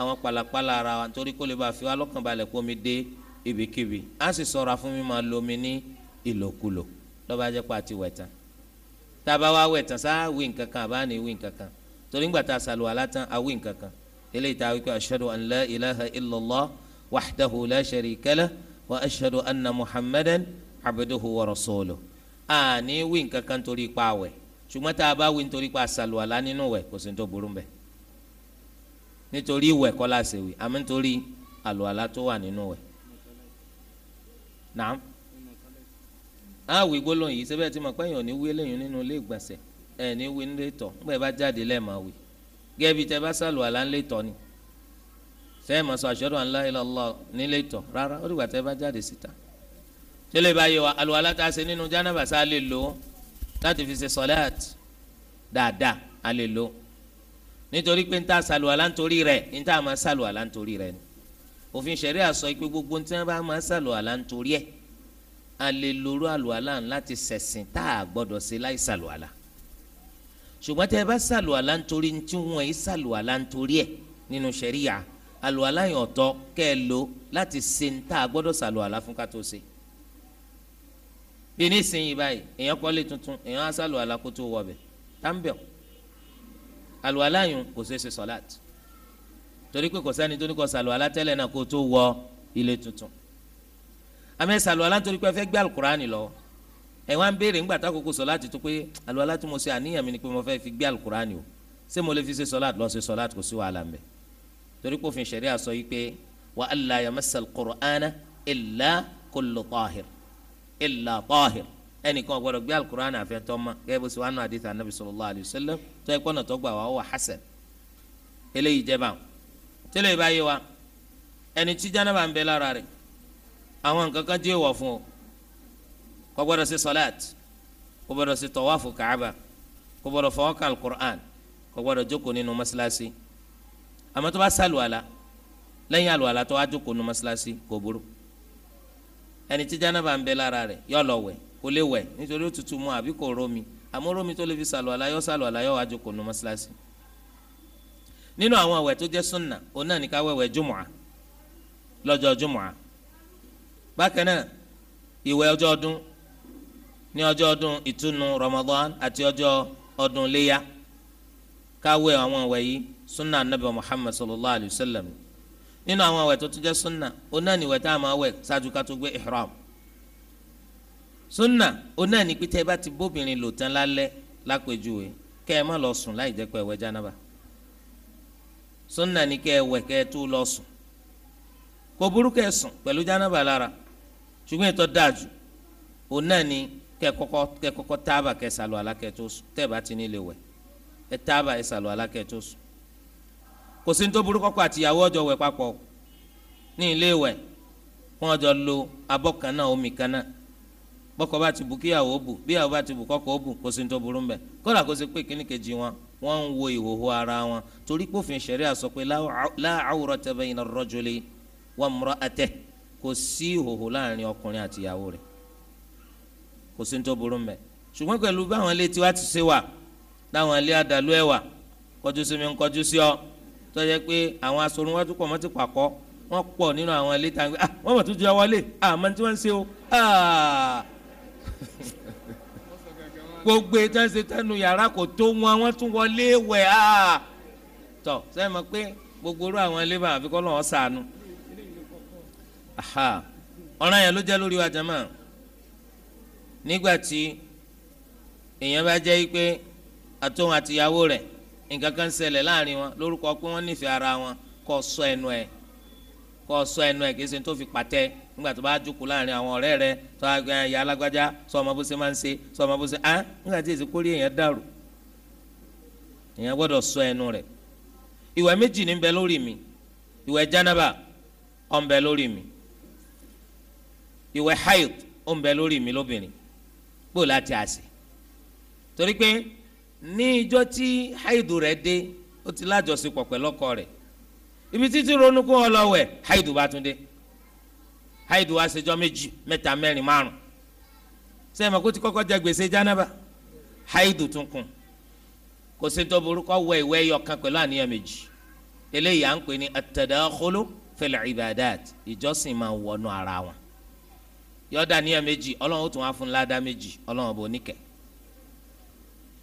àwọn pàlàpàlà ara wa nítorí kó lè bá fi wá lọ́kàn balẹ̀ kó mi dé ibikíbi á sì ṣọ́ra fún mi máa lo mi ní ìlòkulò lọ́ba jẹ́ pa ti wẹ̀ tán tá a bá wá wẹ̀ tán sáà wí nǹkan kan àbá ní wí nǹkan kan torí ńgbà tá a sàlùwà látàn á wí nǹkan kan eléyìí tá a wí pé ashhadu an la ilaha illallah wahdahu la sharika lah wa ashhadu anna muhammadan abduhu wa rasuluhu àní wí nǹkan kan torí pa wẹ̀ ṣùgbọ́n tá a bá wí nítorí pa sàlùwà lá nínú wẹ̀ kò sí ní tó burú bẹ́ẹ̀ nítorí ìwẹ̀ kọ́ la ṣèwé àmọ́ nítorí àlùwàlá tó wà nínú wẹ̀ nàám àwì gbólóhùn yìí sẹ́bẹ̀ tí mo pẹ́ yàn ní wí lẹ́yìn nínú ilé ìgbọ̀nsẹ̀ ẹ̀ ní wí nílé tọ̀ nígbà yẹn bá jáde lẹ́ẹ̀ma wí gẹ́gẹ́ bí tẹ bá sàlùwàlá ńlé tọ̀ ni sẹ́yìn mọ̀ sọ àṣọ́dọ̀ ńlá ìlọ́lọ́ nílé tọ̀ rárá ó dìgbà tẹ bá jáde síta tẹ́lẹ̀ báyìí wa àlùwàlá tá a ṣe nínú jánábà sá lè lò láti fi ṣe sọ́láàtì dáadáa a lè lò ó nítorí pé níta sàlùwàlá nítorí rẹ̀ níta máa sàlùwàlá nítorí rẹ̀ ni òfin ṣẹ̀ríà sọ pé gbogbo tí wọ́n bá máa sàlùwàlá nítorí ẹ̀ a lè lorú àlùwàlá láti ṣẹ̀sìn tá a gbọ́dọ̀ ṣe láì sàlùwàlá ṣùgbọ́n tẹ́ ẹ bá sàlùwàlá nítorí tí wọ́n yìí sàlùwàlá nítorí ẹ̀ nínú ṣẹ̀ríà àlùwàlá yẹn ọ̀tọ̀ kẹ́ ẹ lò láti ṣe ní tá a gbọ́dọ̀ sàlùwàlá fún ká tó ṣe bí nísìnyí báyìí àlùwàlá yùn kò ṣeé ṣe sọ̀láàt torí pé kò sẹ́ni tó ní kó ṣàlùwàlá tẹ́lẹ̀ náà kó tó wọ ilé tuntun àmì ẹ̀ ṣàlùwàlá torí pé ẹ fẹ́ gbé alukurani lọ ẹ̀ wá ń béèrè ńgbà tá àkókò sọ̀láàt tó pé àlùwàlá tí mo ṣe àníyàn mi ni pé mo fẹ́ fi gbé alukurani o ṣé mo lè fi ṣe sọ̀láàt lọ ṣe sọ̀láàt kò sí wàhálà ńbẹ̀ torí pé òfin ṣẹ̀ríà sọ yìí pé wa alla yamassa al-Qur'ana illa kullu tahir illa tahir ẹnìkan gbọ́dọ̀ gbé alukur'an àfẹtọ mọ gẹ́gẹ́ bó ṣe wà nù àdìsá anabi sallallahu alayhi wa sallam tó ẹ kọnà tó gbà wá wà hasan eléyìí jẹba tẹlẹ ìbáyé wa ẹni tí jánaba ń bẹ lára rẹ̀ àwọn nǹkan kan dé wọ fún o kò gbọ́dọ̀ ṣe sọláàt kò gbọ́dọ̀ ṣe tọwáfù kàába kò gbọ́dọ̀ fọwọ́ kan alukur'an kò jókòó nínú mọ́ṣáláṣí àmọ́ tó bá sálùwàlà lẹ́yìn àlùwàlà tó wá jókòó nínú mọ́ṣáláṣí kò burú ẹni tí jánaba ń bẹ lára rẹ̀ yọ lọ wẹ̀ kò lè wẹ̀ nítorí òtútù mu àbí kò rómi àmọ́ rómi tó lè fi sàlù àlàyọ́ sàlù àlàyọ́ àjò kò nu mọ́ṣáláṣí. nínú àwọn àwẹ̀ tó jẹ́ sunna òun náà ní ká wẹ̀wẹ̀ jùmọ̀à lọ́jọ́ jùmọ̀à bákan náà ìwẹ̀ ọjọ́ ọdún ní ọjọ́ ọdún ìtúnu Ramadan àti ọjọ́ ọdún léyà káwé àwọn àwẹ̀ yìí sunna anabi Muhammad sallallahu alayhi wa sallam nínú àwọn àwẹ̀ tó tún jẹ́ sunna òun náà ní ìwẹ̀ tá a máa wẹ̀ ṣáájú ká tó gbé ihram sunna onáà ní pété bá ti bóbìnrin lò tán lálẹ́ lápèjúwe kẹ́ ẹ má lọ sùn láì jẹ́ pé ẹ̀wẹ̀ jánábà sunna ní kẹ́ ẹ wẹ̀ kẹ́ ẹ tó lọ sùn kò burú kẹ́ ẹ sùn pẹ̀lú jánábà lára ṣùgbọ́n ètò dáàjù onáà ní kẹ́ kọ́kọ́ kẹ́ kọ́kọ́ táàbà kẹ́ sàlù alákẹ́ tó sùn tẹ́ bá ti nílé wẹ̀ ẹ táàbà ẹ sàlù alákẹ́ tó sùn kò sí ní tó burú kọ́kọ́ àtìyàwó ọjọ́ wẹ̀ papọ̀ ní ilé wẹ̀ wọ́n jọ lo abọ́ omi kan bọ́kọ bá ti bù kíyàwó bù bíyàwó bá ti bù kọ́kọ́ bù kó sì ń tó burú mbẹ kódà kó sì pé kíní kejì wọn wọ́n ń wo ìhòhò ara wọn torí pófin ṣẹ̀ríà sọ pé la awrata bayna ar-rajuli wa imra'atihi kò sí ìhòhò láàrin ọkùnrin àti ìyàwó rẹ̀ kò sí ń tó burú mbẹ ṣùgbọ́n pẹ̀lú báwọn ilé tiwa ti ṣe wà láwọn ilé àdàlú ẹ̀wà kọjú sí mi ń kọjú sí ọ tó yẹ pé àwọn asorun wájú pọ̀ mọ́ ti pàkọ́ ah wọ́n mọ̀ tó ah mọ̀ tí ah gbogbo ètò ẹsẹ tẹnu yàrá kò tó wọn wọn tún wọlé wẹ á ah. tọ sẹ́yìn mọ̀ pé gbogbo orú àwọn ilé bá àfi kọ́ lọ́wọ́ sànù ọ̀ràn yẹn ló jẹ́ lórí wa jẹ́mọ́ nígbà tí èèyàn bá jẹ́ pé àtòun àtìyàwó rẹ̀ nǹkan kan ṣẹlẹ̀ láàrin wọn lórúkọ pé wọ́n nífẹ̀ẹ́ ara wọn kó sọ ẹnu ẹ̀ kọ́ sọ ẹnu ẹ̀ kìí ṣe tó fi pàtẹ́ nígbà tó bá jókòó láàrin àwọn ọ̀rẹ́ rẹ tó ya alágbájá sọ ọmọ bó ṣe máa ń ṣe sọ ọmọ bó ṣe á nígbà tí èsì kórè èèyàn dàrú èèyàn gbọ́dọ̀ sọ ẹnu rẹ̀ ìwẹ̀ méjì ní bẹ lórí mi ìwẹ̀ jánábà ó ń bẹ lórí mi ìwẹ̀ haid ó ń bẹ lórí mi lóbìnrin gbò láti àṣẹ torí pé ní ìjọ tí haid rẹ̀ dé ó ti lájọṣepọ̀ pẹ̀lọ́kọ rẹ̀ ibi títí ronú kó wọn lọ wẹ̀ haidu bá tún dé haidu wá ṣe ọjọ́ méjì mẹ́ta mẹ́rin márùn sẹ́yìn mọ̀ kó ti kọ́kọ́ jẹ gbèsè jánábà haidu tún kún kò sí tó burúkọ wẹ̀ ìwẹ̀ àníyàn méjì eléyìí à ń pè ní at-tadakhulu ibadat ìjọsìn máa wọnú ara wọn yọ̀ọ́dà àníyàn méjì ọlọ́run ó tún wá fún ládàá méjì ọlọ́run ọba oníkẹ́ẹ́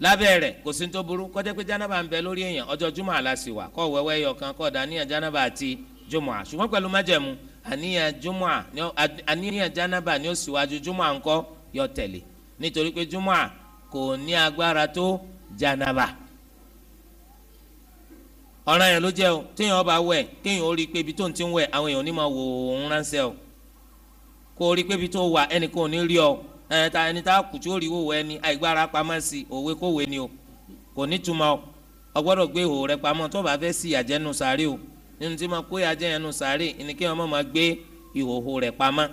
lábẹ́ rẹ̀ kò sí ní tó burú kó jẹ́ pé jánábà ń bẹ lórí èèyàn ọjọ́ júmọ̀ àlàsì wà kó wẹ́wẹ́ yọ kan kó dàníyàn jánábà àti júmọ̀ à ṣùgbọ́n pẹ̀lú májẹ̀mú àníyàn júmọ̀ àníyàn jánábà ni ó síwájú júmọ̀ à ńkọ́ yọ tẹ̀lé nítorí pé júmọ̀ à kò ní agbára tó jánábà ọ̀ràn yẹn ló jẹ́ o téèyàn bá wẹ̀ kéèyàn ó rí i pé ibi tó ń ti wẹ̀ àwọn èèyàn ò ní máa wò ó ń ránṣẹ́ o kó o rí i pé ibi tó wà ẹnì ẹ ta ẹni tá a kù tí ó rí ìhòòhò ẹni àìgbára pamọ́ sí òwe ni o kò ní túmọ̀ o ọgbọ́dọ̀ gbé ìhòòhò rẹ pamọ́ tó bá fẹ́ sí ìyàjẹ́ nu sàárè o nínú tí mo kó ìyàjẹ́ yẹn nu sàárè ni ọmọ máa gbé ìhòòhò rẹ pamọ́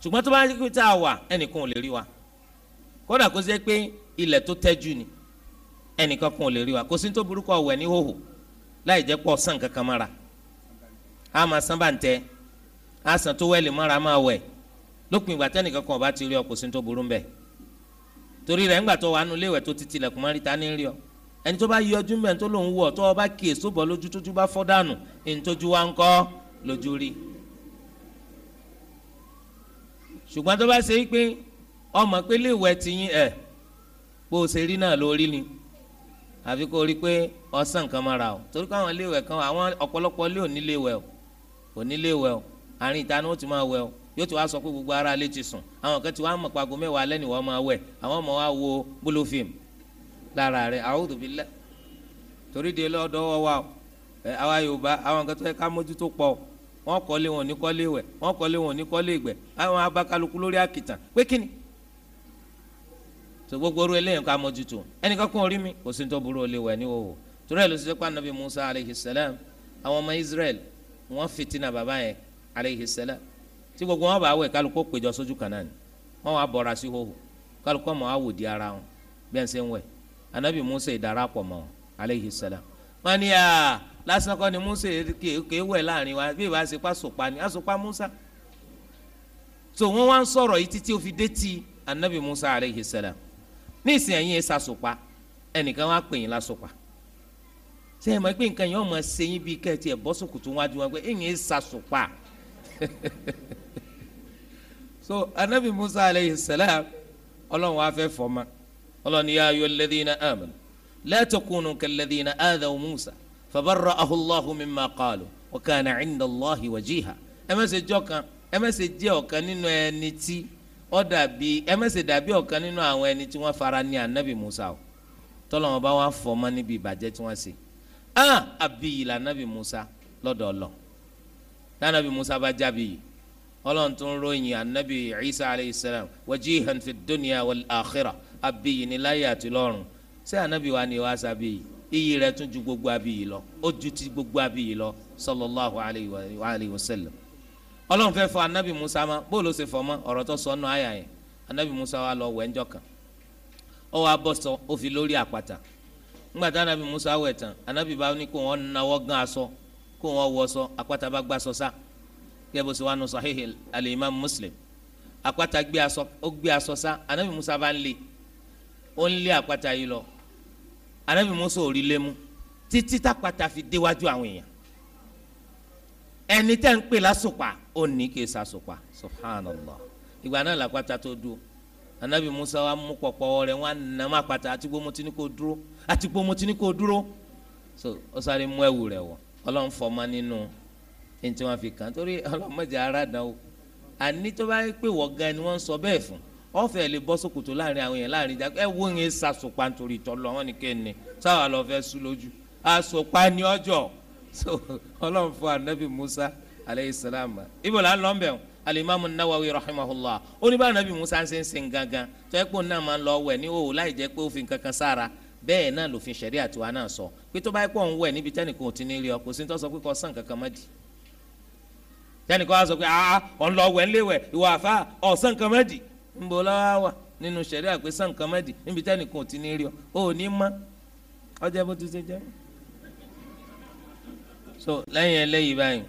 ṣùgbọ́n tó bá yẹ kí tá a wà ẹnìkan ò lè rí ilẹ̀ tó ni ò lè rí wa kò sí tó burúkọ ní hòhò láì jẹ́ pọ̀ sàn kankan mọ́ra a lópin ìgbà tẹ́nìkan kan ọba ti rí ọ kò sí ní tó burú ń bẹ̀ torí rẹ̀ ńgbà tó wà nù léwẹ̀ tó ti tilẹ̀kùn mọ́rí ta ní rí ọ ẹni tó bá yọjú mẹ́rin tó lòún wọ̀ tó ọba kì èso bọ̀ lójú tójú bá fọ́ dànù ẹni tójú wa ń kọ́ lójú rí ṣùgbọ́n tó bá ṣe é pé ọmọ pé léwẹ̀ ti yín ẹ̀ bó o ṣe rí náà lórí ni àfi kó rí pé ọ̀sán nǹkan máa ra o torí káwọn léwẹ̀ kan àwọn ọ̀pọ̀lọpọ̀ lé òní léwẹ̀ o òní léwẹ̀ o àárín ìta ni wọ́n ti máa wẹ̀ o yóò ti wá sọ pé gbogbo ara alẹ́ ti sùn àwọn kan ti wá mọ̀ pago mẹ́wàá alẹ́ ni máa wẹ̀ àwọn ọmọ wa wo lára rẹ̀ torí de lọ́dọ̀ wọ́ wa o àwa yorùbá àwọn kan tó yẹ ká mójútó pọ̀ wọ́n kọ́lé wọn ní kọ́lé wẹ̀ wọ́n kọ́lé wọn ní kọ́lé abakaluku lórí akitan pé kíni tó gbogbo orú ká mójútó ẹnìkan kún orí tí gbogbo wọn bá wẹ̀ kálukó péjọ sójú kan náà ni wọn wà bọ́ra sí hóhù kálukó ọmọ wa wò di ara wọn bí ẹ̀ ṣe ń wẹ̀ anabi musa ìdarapọ̀ mọ́ aleyhi salam wọn ni aa lásán kọ́ ni musa kéé wẹ̀ láàrin wa bí ìbá ṣe pa sopa ni asopa musa so wọn wá ń sọ̀rọ̀ yìí títí ó fi dé ti anabi musa aleyhi salam ní ìsìn ẹ̀yìn ẹ̀sà sopa ẹnìkan wá pè yín lásopa ṣe é mọ̀ pé nǹkan yẹn ọmọ ṣe yín bíi kẹ́ẹ̀tì ẹ̀ bọ́ wájú wọn pé ẹ̀yìn ẹ̀sà sopa so anabi musa aleyhi salam ọlọ́run wa fẹ́ fọ́ ma ọlọ́run ya ayyuha alladhina amanu la takunu kalladhina adhaw musa fabarra'ahu allahu mimma qalu wa kana 'inda allahi wajiha ẹ má ṣe jọ́ kan ẹ má ṣe jẹ́ ọ̀kan nínú ẹni tí ó dàbí ẹ má ṣe dàbí ọ̀kan nínú àwọn ẹni tí wọ́n fara ní anabi musa o tọ́lọ́wọ́n bá wà fọ́ níbi ìbàjẹ́ tí wọ́n ṣe ah abiyi anabi musa lọ́dọ̀ ọlọ́ tànàbí musa bá jábìyì ọlọ́run tó ń ròyìn anabi isa alayhi salam wajihan fi dunya wal akhira abiyi ni láyé àti lọ́run ṣé anabi wa ni wàá sábìyì iyì rẹ̀ tún ju gbogbo abiyi lọ ó ju ti gbogbo abiyi lọ sallallahu alayhi wa sallam ọlọ́run fẹ́ fọ anabi musa ma bóòlù ṣe fọ ma ọ̀rọ̀ tó sọ ọ́nà àyà yẹn anabi musa wa lọ wẹ̀ kan ó wàá bọ́ sọ ó fi lórí àpáta ńgbàtà anabi musa wẹ̀ tán anabi bá ní kó wọn nawọ́ gán aṣọ kó wọn wọ aṣọ àpáta bá gbá sáà kẹ́bù sí wàánu sahihi alimami muslim àpáta gbé aṣọ ó gbé aṣọ sá anabi musa bá ń lé ó ń lé àpáta yìí lọ anabi musa ò rí lé mu títí tápáta fi déwájú àwọn èèyàn ẹni tẹ́ ń pè lásùpà ó ní kí esa sùpà subhanallah ìgbà náà làpáta tó dúró anabi musa wa mú pọ̀pọ̀ rẹ̀ wọn nà má pàtà àti gbó mutí kò dúró àti gbó mutí kò dúró so ó sáré mú ẹ̀wù rẹ̀ wọ̀ ọlọ́run fọ́ nínú. No ẹni tí wọ́n fi kàn torí ọlọ́mọdé ara dàn o àní tó bá yẹ pé wọ̀gán ni wọ́n ń sọ bẹ́ẹ̀ fún ọ̀fẹ́ lè bọ́ sókòtò láàrin àwọn yẹn láàrin ìjà ẹ wo yẹn sàṣùpá nítorí ìtọ́lọ wọn ni kéènì sáwà lọ fẹ́ sú lójú àṣùpá ni ọjọ́ so ọlọ́run fún anabi musa aleyhi salam ibo la ń lọ bẹ̀rù alimami nawawi rahimahullah oníbà anabi musa ń sẹ́nsẹ́ gangan tó ẹ́ pé òun náà máa ń lọ wẹ̀ ní òwò láì jẹ́ pé ó fi nǹkan kan sára bẹ́ẹ̀ náà lòfin ṣẹ̀rí àtiwá náà sọ pé tó bá yẹ pé òun wẹ̀ níbi tẹ́nìkan ò ti ní rí ọ kò sí ní tó sọ pé kò sàn kankan má dì tẹnì kan sọ pé aa ah, ah, ọ̀nlọ wẹ̀ ìwà àfa ọ̀sán kan mẹ́dì ńbọ lọ́wọ́ wà nínú sẹ̀rí àpè sàn kan mẹ́dì níbi tẹnì ọ ò ní mọ́ ọjọ́ bó ti ṣe jẹ́. so lẹ́yìn báyìí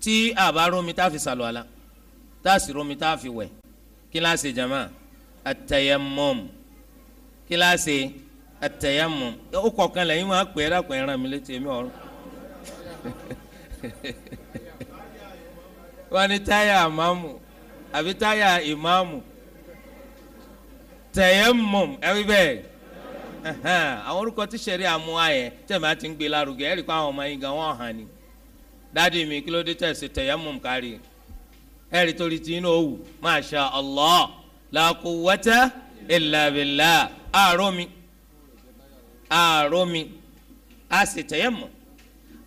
tí a fi sàlùwàlà tá a sì rómi fi wẹ̀ kí jama kí ṣe ó kọ̀ọ̀kan lẹ́yìn wọn á pè é dàpọ̀ wọ́n ní táyà àmàmù àbí táyà ìmàmù tẹ̀yẹ̀mùm ẹ̀rí bẹ́ẹ̀ àwọn orúkọ tí sẹ̀rí àmú ayẹ tẹ̀mí àti ń gbé lárugẹ ẹ̀rí kó àwọn ọmọ yín gan wọ́n hàn ní dáàdi mi kí ló dé tẹ̀sí tẹ̀yẹ̀mùm kárí ẹ̀rí torí tí inú òwú masha Allah la quwwata illa billah àárọ̀ mi àárọ̀ mi a sì tẹ̀yẹ̀mùm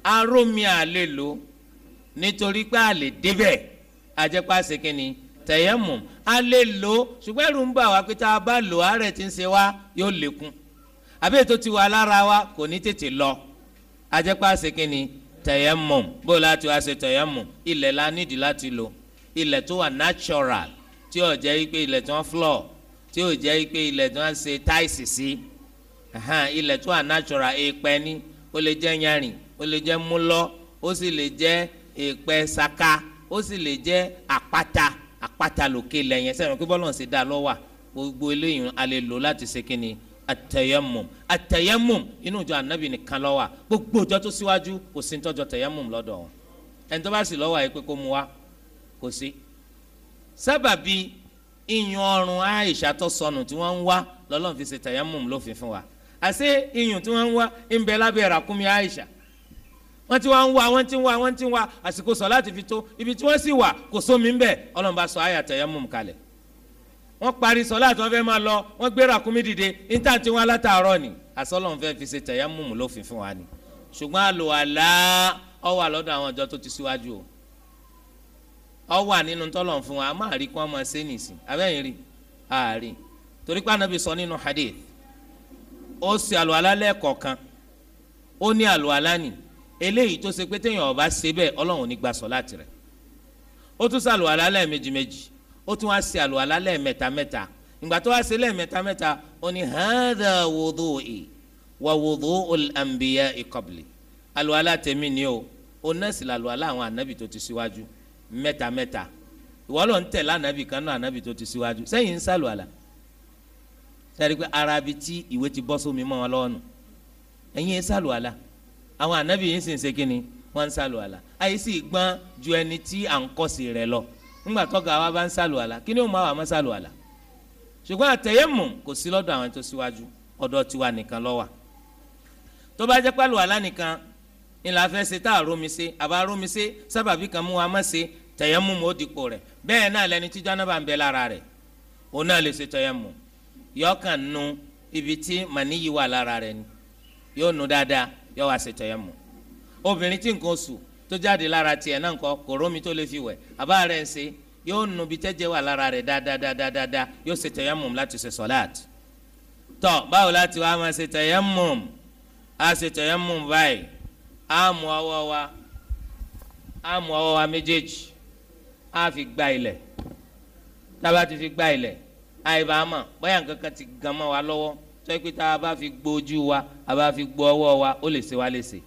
aró mi à lè lò nítorí pé a lè débẹ̀ àjẹpá ṣe kínni tẹ̀yẹ́mùm a lè lò ṣùgbọ́n ẹ̀rù ń bà wá pé tá a bá lò àárẹ̀ tí ń ṣe wá yóò lékún àbí ètò ti wà lára wa kò ní tètè lọ àjẹpá ṣe kínni bó láti wá ṣe tẹ̀yẹ́mùm ilẹ̀ la nídìí láti lò ilẹ̀ tó wà natural tí ò jẹ́ pé ilẹ̀ tó ń floor tí ò jẹ́ pé ilẹ̀ tó ń ṣe táìsì sí ilẹ̀ tó wà natural èèpẹ̀ ni ó lè jẹ́ yanrìn ó lè jẹ́ múlọ ó sì lè jẹ́ èèpẹ̀ saka ó sì lè jẹ́ àpáta àpáta lòkè lẹ́yìn sẹ́yìn kí bọ́lọ̀ ṣe dá lọ́wà gbogbo eléyìí a lè lò láti ṣe kí ni atẹyẹmùm atẹyẹmùm inú ìjọ anabi nìkan lọ́wà gbogbo ìjọ tó síwájú kò sí ntọ́jọ tẹyẹmùm lọ́dọ̀ wọn ẹni tó bá sì lọ́wà yìí pé kó mu wá kò sí. sábàbí iyùn ọrùn Aisha tó sọnù tí wọ́n ń wá lọ́lọ́run fi ṣe tẹyẹmùm lófin fún wa àṣé iyùn tí wọ́n ń wá ń bẹ lábẹ́ ràkúnmí Aisha wọ́n ti wá ń wá wọ́n ti ń wá wọ́n ti ń wá àsìkò sọ láti fi tó ibi tí wọ́n sì wà kò sómi ńbẹ Ọlọ́run bá sọ àyà tayammum kalẹ̀ wọ́n parí sọ láti wọ́n fẹ́ máa lọ wọ́n gbé ràkúnmí dìde níta tí wọ́n látàárọ̀ ni àsọlọ́n fẹ́ fi ṣe tayammum lófin fún wa ni ṣùgbọ́n àlò àlá ó wà àwọn ọjọ́ tó ti síwájú o ó wà hadith ó ṣe àlò àlá lẹ́ẹ̀kọ̀ọ̀kan ní àlò àlá eléyìí tó ṣe pé téèyàn ọba ṣe bẹ́ẹ̀ ọlọ́run ò ní gba sọ́láàtì rẹ̀ ó tún ṣàlùwàlá lẹ́ẹ̀mejì méjì ó tún wá ṣe àlùwàlá lẹ́ẹ̀mẹ́ta mẹ́ta ìgbà tó wá ṣe lẹ́ẹ̀mẹ́ta mẹ́ta ó ní hàdà wudu'i wa wudu'ul anbiya'i qabli àlùwàlá tèmi ni o ó nẹ́ẹ̀sì làlùwàlá àwọn ànábì tó ti síwájú mẹ́ta ìwọ ló ń tẹ̀lé ànábì kan náà ànábì tó ti síwájú sẹ́yìn ń ṣàlùwàlá sẹ́yìn pé arabi tí ìwé ti bọ́ sómi mọ́ wọn lọ́wọ́ nù ẹ̀yin ń ṣàlùwàlá àwọn ànábì yìí sì ń ṣe kínni wọ́n ń sàlù àlà àyè sì gbọ́n ju ẹni tí à ń kọ́sì rẹ̀ lọ ńgbà tọ́ga wa bá ń sàlù àlà kí ni ó máa wà má sàlù àlà ṣùgbọ́n àtẹ̀yẹ́mù kò sí lọ́dọ̀ àwọn tó síwájú ọ̀dọ̀ tiwa nìkan ló tó bá jẹ́ pàlù àlà nìkan ńlá fẹ́ ṣe tá a rómi ṣe àbá rómi ṣe sábàbí kan mú wa má ṣe tẹ̀yẹ́mù mọ́ dìpọ̀ rẹ̀ bẹ́ẹ̀ náà lẹni tí jánábà ń bẹ lára rẹ̀ òun náà lè ṣe tẹ̀yẹ́mù yọkàn nu ibi tí màníyì wà lára rẹ̀ ni yóò nu dáadáa yọ wá ṣe tẹ̀yẹ̀mù obìnrin tí nǹkan oṣù tó jáde lára tiẹ̀ náà nǹkan kò rómi tó lè fi wẹ̀ àbá rẹ̀ ń ṣe yóò nu bí tẹ́jẹ̀ wà lára rẹ̀ dáadáadáadáa yóò ṣe tẹ̀yẹ̀mù láti ṣe sọ́láàt tọ́ báwo láti wá máa ṣe tẹ̀yẹ̀mù á ṣe tẹ̀yẹ̀mù báyìí á mú ọwọ́ wa á mú ọwọ́ wa méjèèjì á fi gba ilẹ̀ tábà ti fi gba ilẹ̀ àìbá mọ̀ bóyá nǹkan kan ti gan mọ́ wa lọ́wọ́ tẹ́kí tá a bá fi gbójú wa a bá fi gbó ọwọ́ wa ó lè ṣe wá léṣe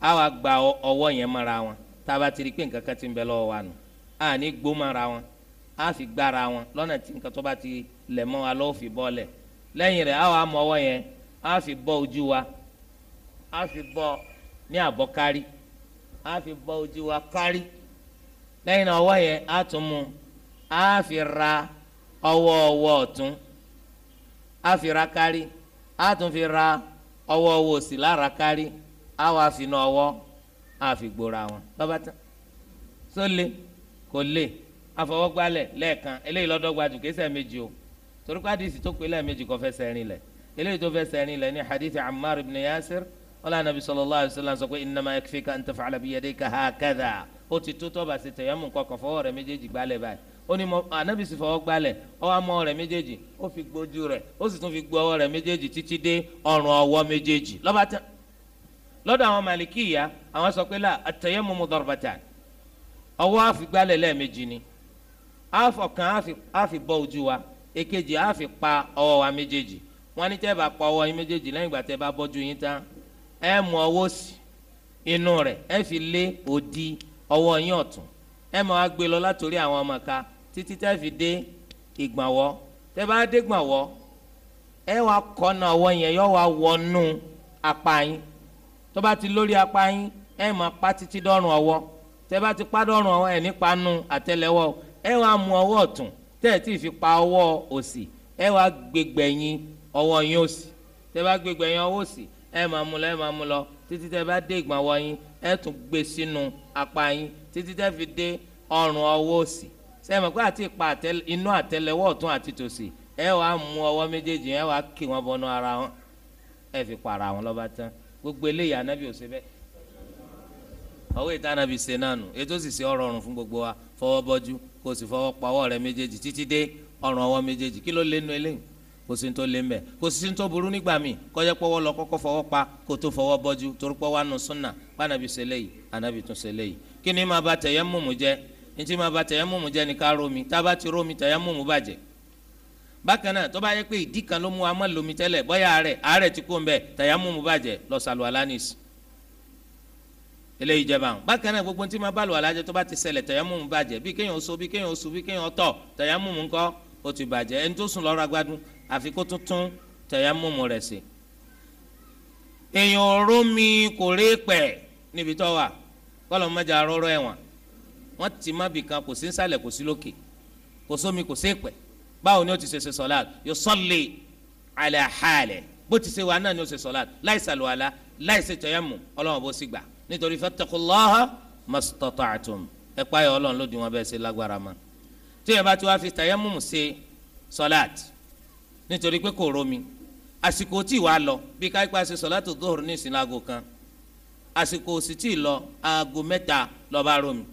a wá gba ọwọ́ yẹn mọ́ra wọn tá a bá ti rí pé nǹkan kan ti ń bẹ lọ́wọ́ wa nù a ní gbó mọ́ra wọn a fi gbára wọn lọ́nà tí nǹkan tó bá ti lẹ̀ mọ́ wa lọ́wọ́ fi bọ́lẹ̀ lẹ́yìn rẹ̀ a wá mọ ọwọ́ yẹn a fi bọ́ ojú wa a fi bọ́ ní àbọ̀ kárí a fi bọ́ ojú wa kárí lẹ́yìn ọwọ́ yẹn a tún mú a fi ra ọwọ́ ọwọ́ ọ̀tún á fi ra kárí á tún fi ra ọwọ́ owó sí lára kárí á wá fi na ọwọ́ á fi gbóra wọn lọ́ba tán só lé kò lé afọwọ́gbálẹ̀ lẹ́ẹ̀kan eléyìí lọ́dọ́gba jù kéésẹ̀ méjì o torí pé àdìsí tó pé lẹ́ẹ̀mejì kò fẹsẹ̀ rin lẹ̀ eléyìí tó fẹsẹ̀ rin lẹ̀ ní hadith Ammar ibn Yasir ọlá anabi sallallahu alaihi wasallam sọ pé innama yakfika an taf'ala biyadika hakadha ó ti tó tọ́ba sí tẹ̀yẹ́mù kọkàn fọwọ́ rẹ̀ méjèèjì gbálẹ̀ báyìí ó ní mọ anabi sì fọwọ́ gbalẹ̀ ọwọ́ amọ́ rẹ̀ méjèèjì ó fi gbójú rẹ̀ ó sì tún fi gbó ọwọ́ rẹ̀ méjèèjì títí dé ọrùn ọwọ́ méjèèjì lọ́ba tán lọ́dọ̀ àwọn màlìkíyà àwọn sọ pé là àtẹ̀yẹ́mọ̀mọ̀ dọ̀rọ̀bàtà ọwọ́ àfigbalẹ̀ lẹ́ẹ̀mejì ni àfọ̀kan àfi bọ́ ojú wa èkejì àfi pa ọwọ́ wa méjèèjì wọ́n ní tẹ́ bá pa ọwọ́ yín méjèèjì lẹ́yìn ìgbà tẹ́ bá bọ́jú yín tán ẹ mú ọwọ́ sí inú rẹ̀ ẹ fi lé òdi ọwọ́ yín ọ̀tún ẹ máa gbé lọ látòrí àwọn ọmọ ká títí tẹ́ fi dé ìgbànwọ́ tẹ́ bá dé gbànwọ́ ẹ wàá kọ́nà ọwọ́ yẹn yọ wàá wọnú apá yín tó bá ti lórí apá yín ẹ máa pa títí dọ́rùn ọwọ́ tẹ́ bá ti pa dọ́rùn ọwọ́ ẹ nípa nu àtẹ́lẹwọ́ ẹ wàá mú ọwọ́ ọ̀tún tẹ́ ẹ ti fi pa ọwọ́ òsì ẹ wàá gbẹgbẹ̀yìn ọwọ́ yín òsì tẹ́ bá gbẹgbẹ̀yìn ọwọ́ òsì ẹ máa mú lọ ẹ máa mú lọ títí tẹ́ bá dé ìgbànwọ́ yín ẹ tún gbé sínú apá yín títí tẹ́ fi dé ọrùn ọwọ́ òsì sẹ́mi kó àti ipa inú àtẹlẹwọ́ ọ̀tún àti tòsì ẹ wà á mú ọwọ́ méjèèjì ẹ wà á kì wọ́n bọnú ara wọn ẹ fi para wọn lọ́ba tán gbogbo eléyìí anabi ò ṣe bẹ́ẹ̀ ọwọ́ ìta anabi ṣe náà nù ètò sì ṣe ọ̀rọ̀ ọ̀run fún gbogbo wa fọwọ́ bọ́jú kó o sì fọwọ́ pa ọwọ́ rẹ méjèèjì títí dé ọ̀rùn ọwọ́ méjèèjì kí ló lé nu eléyìí kò sí tó lé mbẹ kò sí tó burú nígbà míì kọjá pọwọ́ lọ kọ́kọ́ fọwọ́ pa kó tó fọwọ́ bọ́jú torí pọwọ́ nù súnà pànàbí ṣe léyìí anabi tún ṣe léyìí kí ni máa bá tẹ̀yẹ́ mùmù jẹ́ ntí máa ba tẹ̀yẹ́mùmù jẹ́ ni ká romi tá a bá ti romi tẹ̀yẹ́mùmù bàjẹ́ bákan náà tó bá yẹ pé ìdí kan ló mú wa má lomi tẹ́lẹ̀ bóyá àárẹ̀ àárẹ̀ ti kó ń bẹ̀ tẹ̀yẹ́mùmù bàjẹ́ lọ sàlù alanis eléyìí jẹba àwọn bákan náà gbogbo ntí máa bá lù alájẹ tó bá ti ṣẹlẹ̀ tẹ̀yẹ́mùmù bàjẹ́ bí kéèyàn so bí kéèyàn so bí kéèyàn tọ̀ tẹ̀yẹ́mùmù ńkọ́ ó ti bàjẹ́ ẹni tó sùn lọ́ra gbádùn àfi kó tuntun tẹ̀yẹ́mùmù rẹ̀ sí. èèyàn romi kò rí pẹ̀ níbi tó kọ́lọ́ mọ́jà rọ́rọ́ ẹ̀wọ̀n wọ́n ti má bìkan kò sí nsàlẹ̀ kò sí lókè kò sómi kò sí ìpẹ́ báwo ni ó ti ṣe ṣe sọ̀láàt yóò sọ́lé alẹ́ àhálẹ̀ bó ti ṣe náà ni ó ṣe sọ̀láàt láì ṣàlùwàlá láì ṣe tẹ̀yẹ̀mù ọlọ́run sì gbà nítorí fattaqullaha mastata'tum ẹ páyà ọlọ́run ló di wọn bẹ́ẹ̀ ṣe lágbára ma tí ẹ bá ti wá fi tẹ̀yẹ̀mù ṣe sọ̀láàt nítorí pé kò romi àsìkò tí wàá lọ bí káyipá ṣe sọ̀láàt dhuhr ní ìsìn láago kan àsìkò sì tí lọ aago mẹ́ta lọ́ba romi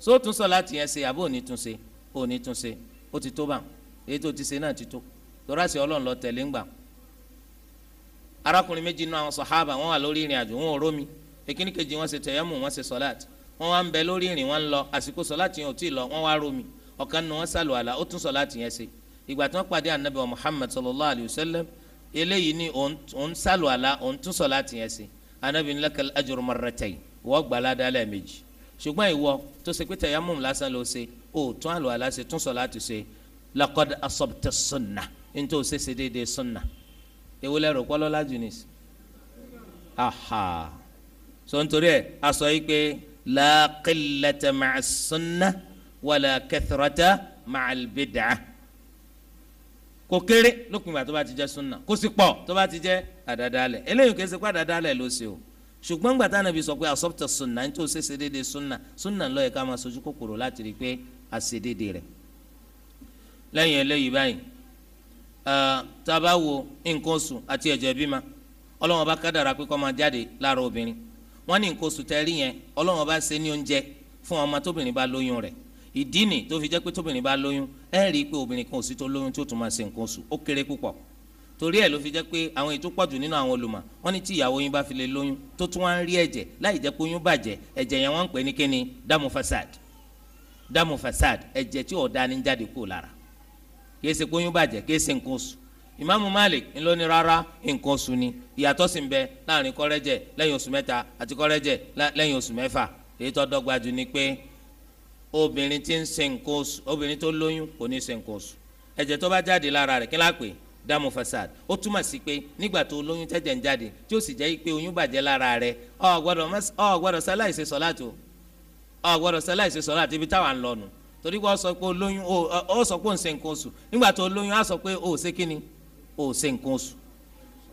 so tún sọ láti yẹn ṣe àbó òní tún ṣe òní tún ṣe ó ti tó bá èyí tó ti ṣe náà ti tó tọ́ra sí ọlọ́run lọ tẹ̀lé ńgbà arákùnrin méjì nínú àwọn sàhábà wọn wà lórí ìrìn àjò wọn ò rómi èkíní kejì wọn ṣe tẹ̀yẹ́mù wọn ṣe sọ́láàtì wọn wá ń bẹ lórí ìrìn wọn lọ àsìkò sọ́láàtì yẹn ò tí ì lọ wọn wá rómi ọ̀kan nínú wọn sàlù àlà ó tún sọ́láàtì yẹn ṣe ìgbà tí wọ́n pàdé ànábì wa Muhammad sallallahu alayhi wa sallam eléyìí ni òun sàlù àlà òun tún sọ́láàtì yẹn ṣe ànábì ní lakal ajru marratayn ṣùgbọ́n ìwọ tó ṣe pé tẹ̀yàmù lásán ló ṣe ó tún àlọ́ aláṣẹ tún sọ láti ṣe laqad asabta sunna nítorí ó ṣe ṣe déédéé sunna èwo lẹ́rọ pọ́ lọ́la junis aha sọ nítorí ẹ̀ a sọ yìí pé la qillata ma'a sunna wala kathrata ma'al bid'ah kò kéré lópin ìgbà tó bá ti jẹ́ sunna kò sí pọ̀ tó bá ti jẹ́ àdàdálẹ̀ eléyìí kò ṣe pé àdàdálẹ̀ ló ṣe o ṣùgbọ́n gbàtà nàbí sọ pé asọ́pútà sunna ní tó ṣe ṣe déédéé sunna sunna ló yẹ ká máa sojú kòkòrò láti rí i pé a ṣe déédéé rẹ̀. lẹ́yìn eléyìí báyìí tá a bá wo nǹkan oṣù àti ẹ̀jẹ̀ bímọ ọlọ́wọ́n bá kádàrà pé kó máa jáde lára obìnrin wọ́n ní nǹkan oṣù tẹ́rí yẹn ọlọ́wọ́n bá ṣe ní oúnjẹ fún ọmọ tóbìnrin bá lóyún rẹ̀ ìdí ni tó fi jẹ́ pé tóbìnrin bá lóyún ẹ rí i pé obìnrin kan ò sí tó lóyún tó tún máa ṣe nǹkan oṣù ó kéré púpọ̀ torí ẹ̀ ló fi jẹ́ pé àwọn ètò pọ̀jù nínú àwọn olùmọ̀ wọn ní tí ìyàwó yín bá fi lè lóyún tó tún wá ń rí ẹ̀jẹ̀ láì jẹ́ pé oyún bàjẹ́ ẹ̀jẹ̀ yẹn wọ́n ń pè ní damu fasad damu fasad ẹ̀jẹ̀ tí ọ̀dà ni jáde lára kìí ṣe pé oyún bàjẹ́ kìí ṣe nǹkan oṣù Malik ní rárá nǹkan ni ìyàtọ̀ sì ń bẹ láàrin kọ́rẹ́jẹ̀ lẹ́yìn oṣù mẹ́ta àti kọ́rẹ́jẹ̀ lẹ́yìn oṣù mẹ́fà èyí tó dọ́gba jù ni pé obìnrin tí ń ṣe nǹkan oṣù obìnrin tó lóyún kò ní ṣe lára damu fasad ó túmọ̀ sí pé nígbà tó lóyún tẹ́jẹ̀ ń jáde tí ó sì jẹ́ pé oyún bàjẹ́ lára rẹ̀ ọ̀ gbọ́dọ̀ sáláìsì sọ́láàtì ọ̀ gbọ́dọ̀ sáláìsì sọ́láàtì ibi táwa ń lọ nù torí pé ó sọ pé olóyún ó sọ pé ó ń ṣe nǹkan oṣù nígbà tó lóyún á sọ pé ó ṣe kíni ó ṣe nǹkan oṣù.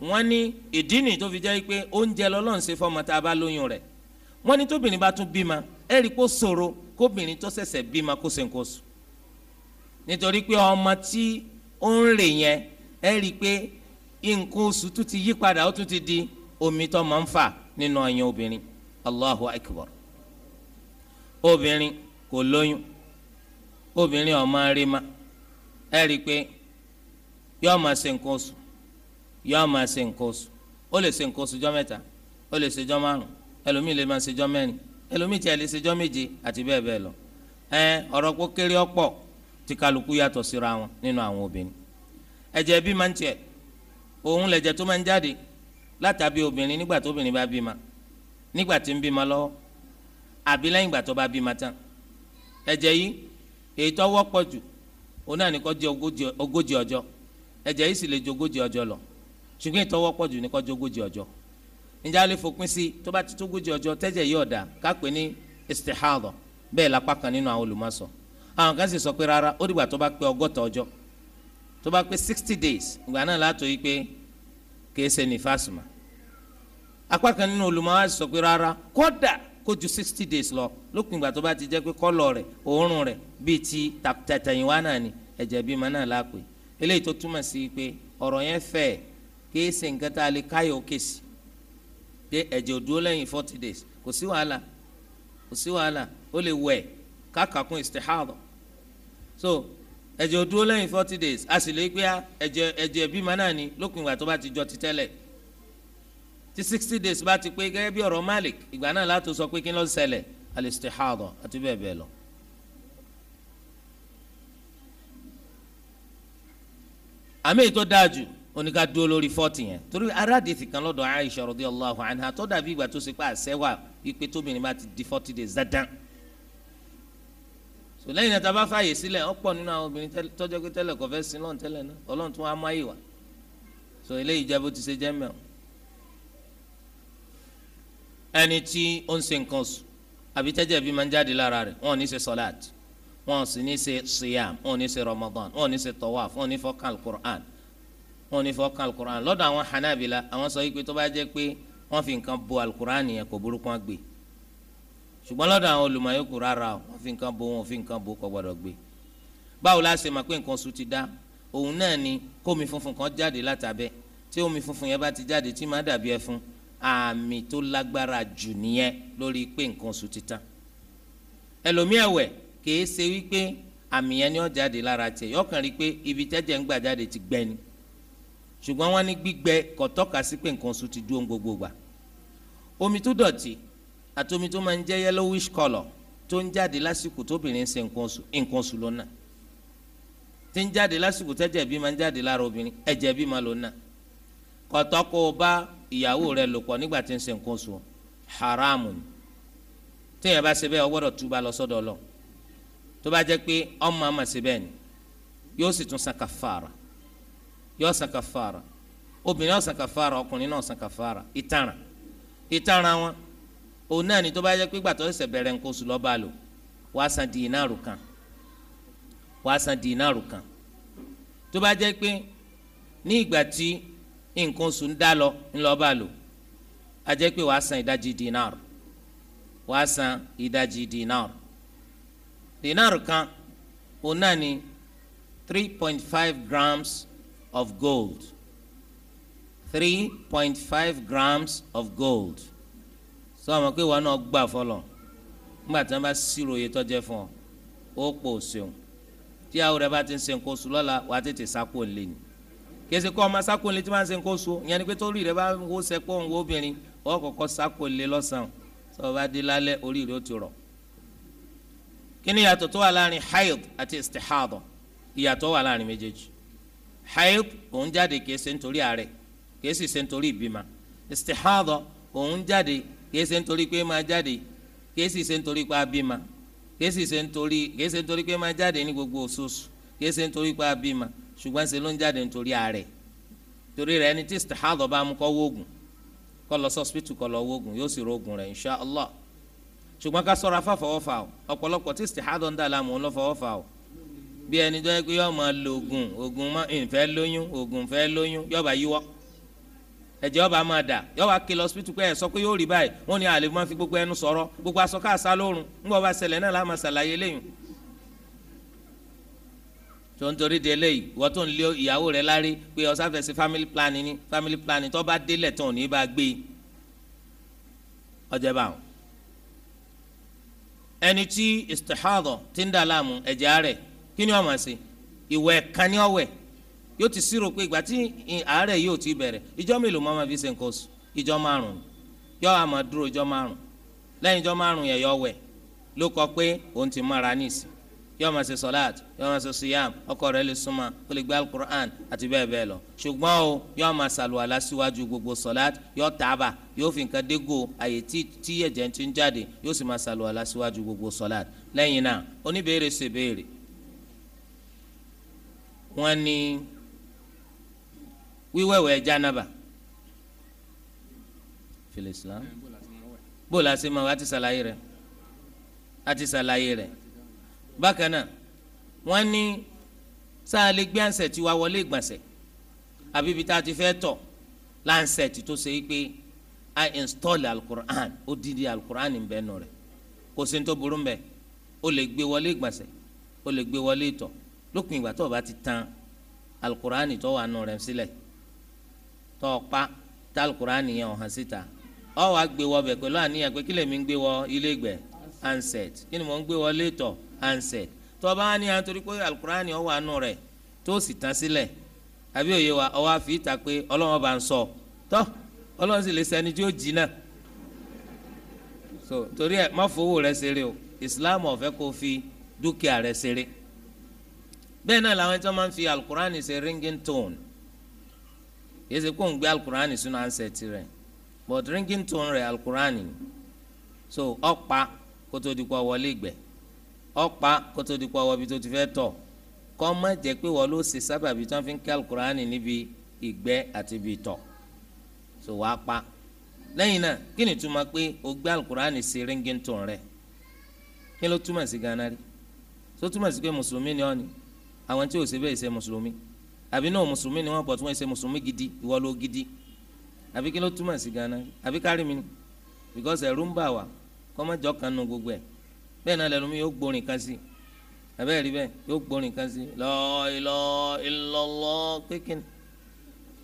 wọ́n ní ìdí nìyí tó fi jẹ́ pé oúnjẹ lọ́lọ́run ṣe fọ́mọ tá a bá lóyún rẹ̀ wọ́n ní tóbìnrin bá tún bímọ ẹ rí kó ṣòro kóbìnrin tó ṣẹ̀ṣẹ̀ bímọ kó ṣe nǹkan oṣù nítorí pé ọmọ tí ó ń rè yẹn ẹ rí i pé nǹkan oṣù tún ti yí padà ó tún ti di omi tó máa ń fà nínú ọyàn obìnrin allahu akbar obìnrin kò lóyún obìnrin rí ma ẹ rí i pé yóò máa ṣe nǹkan oṣù yóò máa ṣe nǹkan oṣù ó lè ṣe nǹkan oṣù jọ́ mẹ́ta ó lè ṣe márùn ẹlòmíì lè máa lọ ẹ ọ̀rọ̀ kéré ọ̀pọ̀ tí kálukú yàtọ̀ síra wọn nínú àwọn obìnrin ẹ̀jẹ̀ bí ma ń tiẹ̀ òun lẹ̀jẹ̀ tó ma ń jáde látàbí obìnrin nígbà tó obìnrin bá ma nígbà tí ń bímọ lọ́wọ́ àbí lẹ́yìn ìgbà tó bá bímọ tán ẹ̀jẹ̀ yìí èyí tó wọ́pọ̀ jù òun náà ní kó ogójì ọjọ́ ẹ̀jẹ̀ yìí sì ju ogójì ọjọ́ lọ ṣùgbọ́n èyí tó wọ́pọ̀ jù ní kó jẹ́ ogójì ọjọ́ ǹjẹ́ lè fòpin sí tó bá ti tó ogójì ọjọ́ tẹ́jẹ̀ yìí ọ̀dà ní bẹ́ẹ̀ lápá kan tó bá pé sixty days ìgbà náà látò yìí pé kìí ṣe nífàsùmà apá kan nínú olùmọ̀wá sọ pé rárá kódà kó ju sixty days lọ lópin ìgbà tó bá ti jẹ́ pé kọ́lọ̀ rẹ̀ òórùn rẹ̀ bíi ti tàtàyìnwá náà ni ẹ̀jẹ̀ bímọ náà lápè eléyìí tó túmọ̀ sí pé ọ̀rọ̀ yẹn fẹ̀ kìí ṣe nǹkan tá a lè káyọ̀ kèsì dé ẹ̀jẹ̀ ò dúró lẹ́yìn forty days kò sí wàhálà kò sí wàhálà ó lè wẹ̀ káàkà kún so ẹ̀jẹ̀ ò dúró lẹ́yìn forty days a sì lè pé ẹ̀jẹ̀ ẹ̀jẹ̀ bímọ náà ni lópin ìgbà tó bá ti jọ ti tẹ́lẹ̀ tí sixty days bá ti pé gẹ́gẹ́ bí ọ̀rọ̀ Malik ìgbà náà látò sọ pé kí ló ṣẹlẹ̀ alistihada àti bẹ́ẹ̀ bẹ́ẹ̀ lọ. àmì ètò dájú oníka dúró lórí fọ́ọ̀tì yẹn torí aráàdìsì kan lọ́dọ̀ Aisha radiyallahu anha tó dàbí ìgbà tó ṣe pé àṣẹ wà ipe tóbìnrin bá ti di forty days dandan so lẹ́yìn náà tá a bá fààyè sílẹ̀ ọ̀pọ̀ nínú àwọn obìnrin tọ́jọ́ pé tẹ́lẹ̀ kò fẹ́ sin lọ́n tẹ́lẹ̀ náà ọlọ́run tún wá mú ayé wa so eléyìí jẹ́ bó ti ṣe jẹ́ mẹ́ọ̀ ẹni tí ó ń ṣe nǹkan oṣù àbí tẹ́jẹ̀ bí máa ń jáde lára rẹ̀ wọn ò ní ṣe sọ́láàt wọn ò sì ní ṣe siyam wọn ò ní ṣe ramadan wọn ò ní ṣe tawaf wọn ò ní fọ́kàn alukur'an wọn ò ní fọ́kàn alukur'an lọ́dọ̀ àwọn hanabila àwọn sọ wípé tó bá jẹ́ pé wọ́n fi nǹkan bo alukur'an yẹn kò burúkú wọn gbé ṣùgbọ́n lọ́dọ̀ àwọn olùmọ̀ yòókù rárá o fi nǹkan bo wọn fi nǹkan bo kò gbọdọ̀ gbé báwo la ṣe mọ̀ pé nǹkan oṣù ti dá òun náà ni kómi funfun kan jáde látàbẹ́ tí omi funfun yẹn bá ti jáde tí má dàbí ẹfun àmì tó lágbára jù nìyẹn lórí pé nǹkan oṣù ti tán ẹlòmíì ẹ̀wẹ̀ kìí ṣe wípé àmì yẹn ni ó jáde lára tiẹ̀ yọkàn rí pé ibi tẹ́jẹ̀ ń gbà jáde ti gbẹ ni ṣùgbọ́n wọ́n ní gbígbẹ kò tọ́ka sí pé nǹkan oṣù ti dúró gbogbo gbà omi tó dọ̀tí àti omi tó máa ń jẹ́ yellowish colour tó ń jáde lásìkò tóbìnrin ṣe nǹkan oṣù lọ́nà tí ń jáde lásìkò tẹ́jẹ̀ bí máa ń jáde lára obìnrin ẹ̀jẹ̀ bí máa lọ́nà kọ̀tọ́ kó o bá ìyàwó rẹ lò pọ̀ nígbà tí ń ṣe nǹkan oṣù haramu ni téèyàn bá ṣe bẹ́ẹ̀ ọ gbọ́dọ̀ túba lọ sọ́dọ̀ lọ tó bá jẹ́ pé ọmọ àmà ṣe bẹ́ẹ̀ ni yóò sì tún san yóò san obìnrin náà san ọkùnrin náà san kàfàrà ìtaràn wọn òun náà ni tó bá yẹ pé gbàtọ́ ṣẹ̀ṣẹ̀ bẹ̀rẹ̀ nǹkan oṣù lọ́ba lò wàá san dìínàrù kan wàá san dìínàrù kan tó bá jẹ́ pé ní ìgbà tí nǹkan oṣù ń dá lọ ńlọ́ba lò a jẹ́ pé wàá san ìdajì dìínàrù wàá san ìdajì dìínàrù dìínàrù kan òun náà ni three point five grams of gold three point five grams of gold sọ́wọ́n pé wọn náà gbà fọlọ̀ nígbà tí wọ́n bá sírò iye tó jẹ́ fún ọ ó pò ṣeun tí àwọn rẹ̀ bá ti ń ṣe nǹkan oṣù lọ́la wà tètè sáko lé ni kèsì kọ́ ọmọ sáko lé tí wọ́n ń ṣe nǹkan oṣù ìyẹn ni pé torí rẹ̀ bá ń wo sẹ́pọ̀ ń wo obìnrin ọ kọ̀kọ́ sáko lé lọ́sàn-án sọ́wọ́n bá dé lálẹ́ orí rẹ̀ ó ti rọ̀ kí ni ìyàtọ̀ tó wà láàrin haid àti istihada ìyàtọ̀ wà láàrin méjèèjì haid òun jáde kèsì nítorí àárẹ̀ kèsì ṣe nítorí ìbímọ istihada òun jáde kìí ṣe nítorí pé máa jáde kìí ṣe nítorí pé abima kìí sì ṣe nítorí kìí ṣe nítorí pé máa jáde ní gbogbo oṣooṣù kìí ṣe pé abima ṣùgbọ́n ṣe ló ń jáde nítorí àárẹ̀ torí rẹ̀ ẹni tí istihadọ bá mú kọ́ wóògùn kọ́ lọ sọ́spítù kọ́ lọ wóògùn yóò sì rógùn rẹ̀ insha allah ṣùgbọ́n ká sọ̀rọ̀ afá fọwọ́fà o ọ̀pọ̀lọpọ̀ tí istihadọ ń dà láàmú ń lọ fọwọ́fà o bí ẹni tó yẹ pé yọ́ọ́ ẹ̀jẹ̀ ọba máa dà yọ wá kí lọ hospital pé ẹ̀ sọ pé yóò rí báyìí wọ́n ní àlè máa fi gbogbo ẹnu sọ̀rọ̀ gbogbo aṣọ káàsá lórun ńgbọ́ bá ṣẹlẹ̀ náà láàmà ṣàlàyé lẹ́yìn. tó ń torí de eléyìí wọ́n tó ń lé ìyàwó rẹ̀ lárí pé ó sáfẹ́ sí family planning ni family planning tó bá délẹ̀ tán ò ní bá gbé ọjọ́ bá wọn. ẹni tí istihadọ ti ń dà láàmú ẹ̀jẹ̀ rẹ̀ kí ni ó máa ṣe ìwẹ̀ kan yóò ti sírò pé ìgbà tí àárẹ̀ yóò ti bẹ̀rẹ̀ ìjọ mélòó máa fi ṣe nǹkan oṣù ìjọ márùn yọ àmọ́ dúró ìjọ márùn lẹ́yìn ìjọ márùn yẹn yọ wẹ̀ ló kọ pé òun ti mára nísìn yọ máa ṣe sọláàt yọ máa ṣe siyam ọkọ rẹ̀ lè súnmọ́ ó lè gbé alukur'an àti bẹ́ẹ̀ bẹ́ẹ̀ lọ ṣùgbọ́n o yọ máa ṣàlùwàlá síwájú gbogbo sọláàt yọ tààbà yóò fi nǹkan dégò àyè tí tí ẹ̀jẹ̀ ti ń jáde yóò sì máa ṣàlùwàlá síwájú gbogbo sọláàt lẹ́yìn náà oníbèrè ṣèbèrè wọ́n ní. Wani wíwẹ̀wẹ̀ jánábà fìlẹ̀ islam bó la ṣe máa wá ti ṣàlàyé rẹ̀ àti ṣàlàyé rẹ̀ bákan náà wọ́n ní sáà lè gbé ànsẹ̀ tí wá wọlé ìgbọ̀nsẹ̀ àbí tá a ti fẹ́ tọ̀ láǹsẹ̀ tí tó ṣe é pé a install alukur'an ó dídí alukur'an ń bẹ́ẹ̀ nù rẹ̀ kò sí ní tó burú mbẹ́ ó lè gbé wọlé ìgbọ̀nsẹ̀ ó lè gbé wọlé ìtọ̀ lópin ìgbà tó o bá ti tan alukur'an tó wà nù rẹ̀ sílẹ̀. Si tó pa tá alukurani yẹn hàn síta ọ gbé wọ bẹ pẹ̀lú àníyàn pé kí lèmi ń gbé wọ ilé gbẹ handset kí ni mò ń gbé wọ létọ handset tó bá ní àtòrí pé alukurani ọ wà nù rẹ tó sì tán sílẹ̀ àbí òye wa ọ fi ìta pé ọlọ́wọ́n bá ń sọ tọ́ ọlọ́wọ́n sì lè sẹni tí ó jí náà so torí ẹ má fowó rẹ ṣeré o Islam ò fẹ́ fi dúkìá rẹ ṣeré bẹ́ẹ̀ náà làwọn tí wọ́n máa ń fi alukurani ṣe ringing tone kìí ṣe kó ń gbé alukurani sínú ansẹ̀tì rẹ̀ but ringing tone rẹ̀ alukurani so ọ̀pá kótó dikọ̀ wọlé gbẹ̀ ọ̀pá kótó dikọ̀ wọbi tó ti fẹ́ tọ̀ kọ́ má jẹ́ pé wọ́n ló ṣe sábàbí tí wọ́n fi ń kí alukurani níbi ìgbẹ́ àti ibi ìtọ̀ so wàá pa lẹ́yìn náà kí ni túmọ̀ pé o gbé alukurani sí ringing tone rẹ̀ kí ló túmọ̀ sí gánà rí so túmọ̀ sí pé mùsùlùmí ni ọ́ ni àwọn tí ò ṣe bẹ́ẹ̀ ṣe mùsùlùmí àbí náà mùsùlùmí ni wọ́n pọ̀ tí wọ́n ṣe mùsùlùmí gidi ìwọ ló gidi àbí kí ló túmọ̀ sí gánà àbí kárí mi because ẹ̀rú ń bà wá kọ́mọ́jọ́ kan nu gbogbo ẹ̀ bẹ́ẹ̀ náà lẹ́nu mi yóò gbórin kan sí àbẹ́ẹ̀ rí bẹ́ẹ̀ yóò gbórin kan sí la ilaha illallah pékin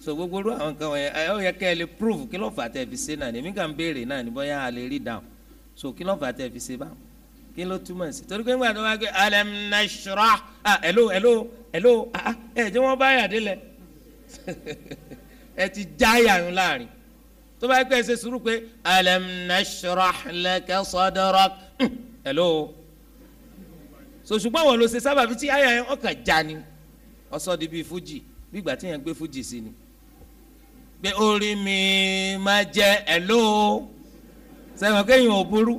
so gbogbo ru àwọn kan wọ̀nyẹn ẹ ó yẹ kẹ́ ẹ lè prove kí ló fà tẹ́ fi ṣe náà èmi kàn béèrè náà ní bóyá a lè rí dáhùn so kí ló fà tẹ́ fi ṣe báwọn kí ló túmọ̀ sí torí pé ńgbà tó wá gbé alam nashrah ah hello hello hello ah, ah. ẹ jẹ́ wọ́n bá yà délẹ̀ ẹ ti já yàrún láàrin tó bá yẹ kó ẹ ṣe sùúrù pé alam nashrah laka sadrak hmm, hello so ṣùgbọ́n wọn ló ṣe sábàbí tí àyà yẹn ọkàn já ni ọsọ di bíi fújì bí ìgbà tí yẹn gbé fújì sí ni pé orí mi máa jẹ ẹ̀ló sẹ́wọ̀n kéèyàn ò burú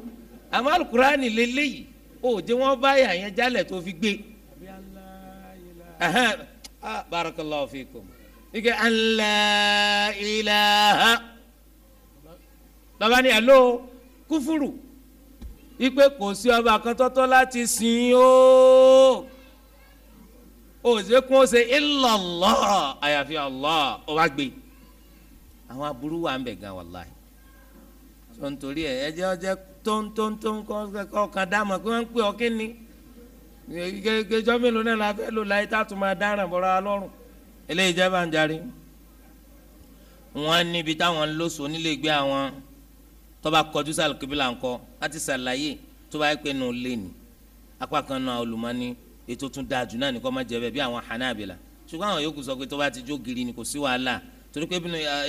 àmọ́ alukurani lélẹ́yìí ó jẹ́ wọ́n bá àyà yẹn jálẹ̀ tó fi gbé barakallahu fiikum ike ala ilaha lọ́ba ni hello kúfúrù ipe kò sí ọba kan tọ́tọ́ láti sìn ó òṣèkún ṣe illallah àyàfi Allah ó wá gbé àwọn aburú wa ń bẹ̀ gan wàláì sọ nítorí ẹ ẹ jẹ́ ọjẹ́ tóńtóńtó kọ́ ọ̀kan dá mọ̀ pé wọ́n ń pè ọ́ kí ni gẹjọ́ mélòó náà la fẹ́ lò láyé tá a tún máa dáràn bọ́ra wa lọ́rùn eléyìí jẹ́ bàǹjarí wọn níbi táwọn lóṣù nílé gbé àwọn tó bá kọjú sàlùkìbìlà ńkọ láti ṣàlàyé tó bá yẹ pé nù lé ní apá kan náà olùmọ́ni ètò tún dáa jù náà ní kó má jẹ bẹ́ẹ̀ bí àwọn hanabila ṣùgbọ́n àwọn yòókù sọ pé tó bá ti jó giri ni kò sí wàhálà torí pé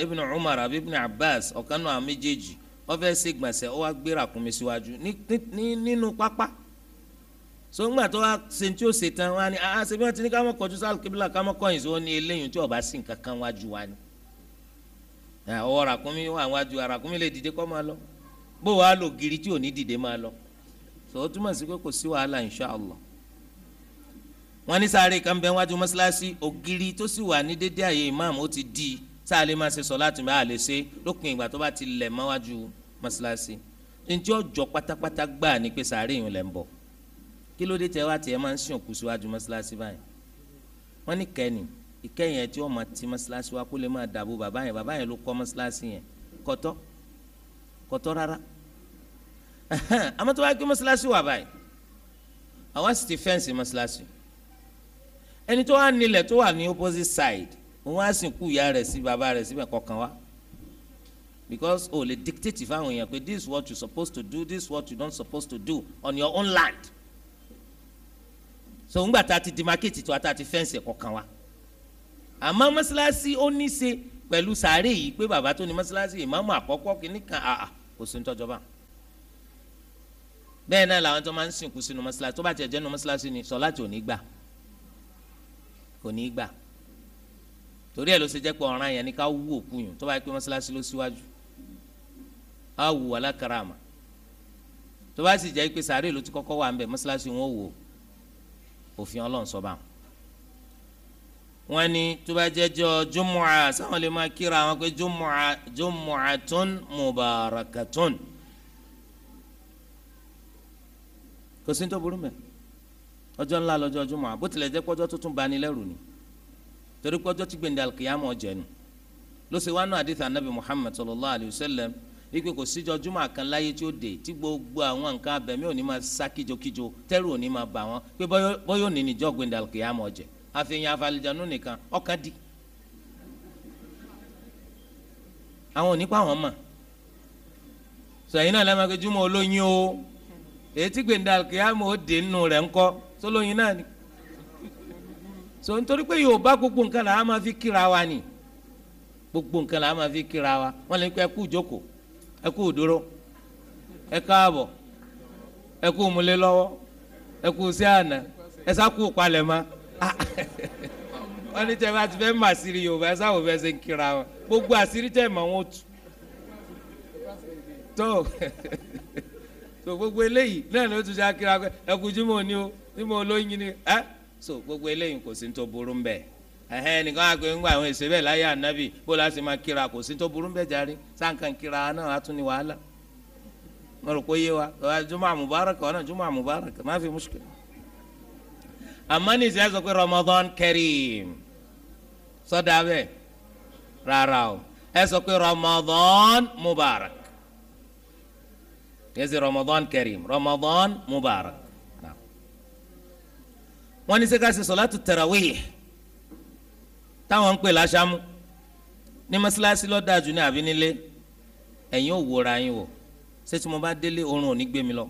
ibnu eh, umar àbí ibnu abbas ọ̀kan náà méjèèjì wọ́n fẹ́ ṣègbọ̀nsẹ̀ ó wá gbéra kùnmi síwájú nínú pápá. Ni, ni, ni, so ńgbà tó wá ṣe tí ó ṣe tán wá ní àá ah, ah, ṣe bí wọ́n ti ní ká mọ̀ kọjú sáà kíbílà ká mọ̀ kọyìn sí ó ní eléyìí tí ọba sì ń kankan wájú wa ni ọwọ́ ràkúnmí wà wájú ràkúnmí lè dìde kọ́ máa lọ bó wàá lò gírí tí ò ní dìde máa lọ so ó túmọ̀ sí pé kò sí wàhálà inshallah wọ́n ní sáré kan bẹ wájú mọ́ṣáláṣí ògiri tó sì wà ní dédé àyè ìmáàmù ó ti di sáà lè máa ṣe sọ láti máa lè ṣe lópin ìgbà tó bá ti lẹ̀ mọ́ wájú mọ́ṣáláṣí kí ló dé tẹ wá tiẹ̀ máa ń sìn òkú síwájú mọ́ṣáláṣí báyìí wọ́n ní kẹ́ni ìkẹyìn ẹ̀ tí wọ́n máa ti mọ́ṣáláṣí wa kó lè máa dàbò bàbá yẹn bàbá yẹn ló kọ́ mọ́ṣáláṣí yẹn kọ́tọ́ kọ́tọ́ rárá àmọ́ tó wá gbé mọ́ṣáláṣí wà báyìí àwa sì ti fẹ́ǹsì mọ́ṣáláṣí ẹni tó wà nílẹ̀ tó wà ní opposite side òun á sìnkú ìyá rẹ̀ sí bàbá rẹ̀ síbẹ̀ kọ̀ọ̀kan wá because o oh, lè dictate fáwọn èèyàn pé this is what you supposed to do this is what you don't supposed to do on your own land so ńgbà tá a ti demarcate tiwa tá a ti fẹ́ǹsì kọ̀ọ̀kan wa àmọ́ mọ́sálásí ó ní ṣe pẹ̀lú sàárè yìí pé bàbá tó ní mọ́sálásí ìmáàmù àkọ́kọ́ kìíní kan àà kò sí nítọ́jọba bẹ́ẹ̀ náà làwọn tó máa ń sìnkú sínú mọ́sálásí tó bá tiẹ̀ jẹ́ nu mọ́sálásí ni sọ láti òní gbà kò ní í gbà torí ẹ̀ ló ṣe jẹ́ pé ọ̀ràn yẹn ni ká wú òkú yùn tó bá yẹ pé mọ́sálásí ló síwájú á wù wà lákàrà àmà tó bá sì jẹ́ pé sàárè ló ti kọ́kọ́ wà ń bẹ̀ mọ́sálásí wọn ò wò ó òfin ọlọ́run sọ báwọn. wọ́n ní tó bá jẹ́ jọ jùmùà sáwọn lè máa kíra àwọn pé jùmùà jùmùà tún mùbàràkà tún. kò sí ní tó burú mẹ́ ọjọ́ ńlá lọ́jọ́ jùmùà bó tilẹ̀ jẹ́ pọ́jọ́ tuntun bá ní lẹ́rù ni torí pọ́jọ́ tí gbèǹdé alkiyama ọ̀jẹ̀ nù ló ṣe anabi muhammad sallallahu alayhi wa sallam wípé kò síjọ júmọ̀ kan láyé tí ó dé tí gbogbo àwọn nǹkan abẹ̀mí ò ní máa sá kíjokíjo tẹ́rù ò ní máa bà wọ́n pé bọ́yọ̀ òní níjọ́ gbẹ̀ndàlùkì àmọ́ ọ̀jẹ̀ àfihàn àfàlìjànú nìkan ọkàn dì àwọn ò ní pa àwọn náà lẹ́mọ̀ pé júmọ̀ olóyin o èyí tí gbẹ̀ndàlùkì àmọ́ ó dé nù rẹ̀ ńkọ́ sólóyin náà ni so nítorí pé Yorùbá gbogbo nǹkan là á máa fi kíra wa ni gbogbo nǹkan là máa fi kíra wa wọn lè kó ẹkú jókòó eku kú dúró ẹ eku ẹ kú múlé lọ́wọ́ sí àná kú ma ah. bá ti fẹ́ mọ̀ àṣírí yorùbá ẹ sáwọ́ ń gbogbo àṣírí tẹ́ mọ̀ wọn tù tó so gbogbo eléyìí náà ló tún ṣe ni o ni ẹ so gbogbo eléyìí kò sí ẹhẹn nìkan àgbẹ̀ ńgbà àwọn èsè bẹ́ẹ̀ láyé ànábì bó la sì máa kíra kò sí tó burú bẹ́ẹ̀ járe sáǹkà kíra náà á tún ní wàhálà wọn rò pé yé wa jùmọ̀ àmùbáraka ọ̀nà jùmọ̀ àmùbáraka má fi mushkil. àmọ́ ní ìsìn ẹ̀sọ́ pé Ramadan Kareem sọ́dà bẹ́ẹ̀ rárá o ẹ̀sọ́ pé Ramadan Mubarak kẹ́sì Ramadan Kareem Ramadan Mubarak. wọ́n ní sẹ́ka ṣe sọ́látù tarawih táwọn ń pè láṣámú ní mọ́ṣáláṣí lọ́dàjù ní àbí nílé ẹ̀yin ò wòra yín wò ṣé tí mo bá délé oorun ò ní gbé mi lọ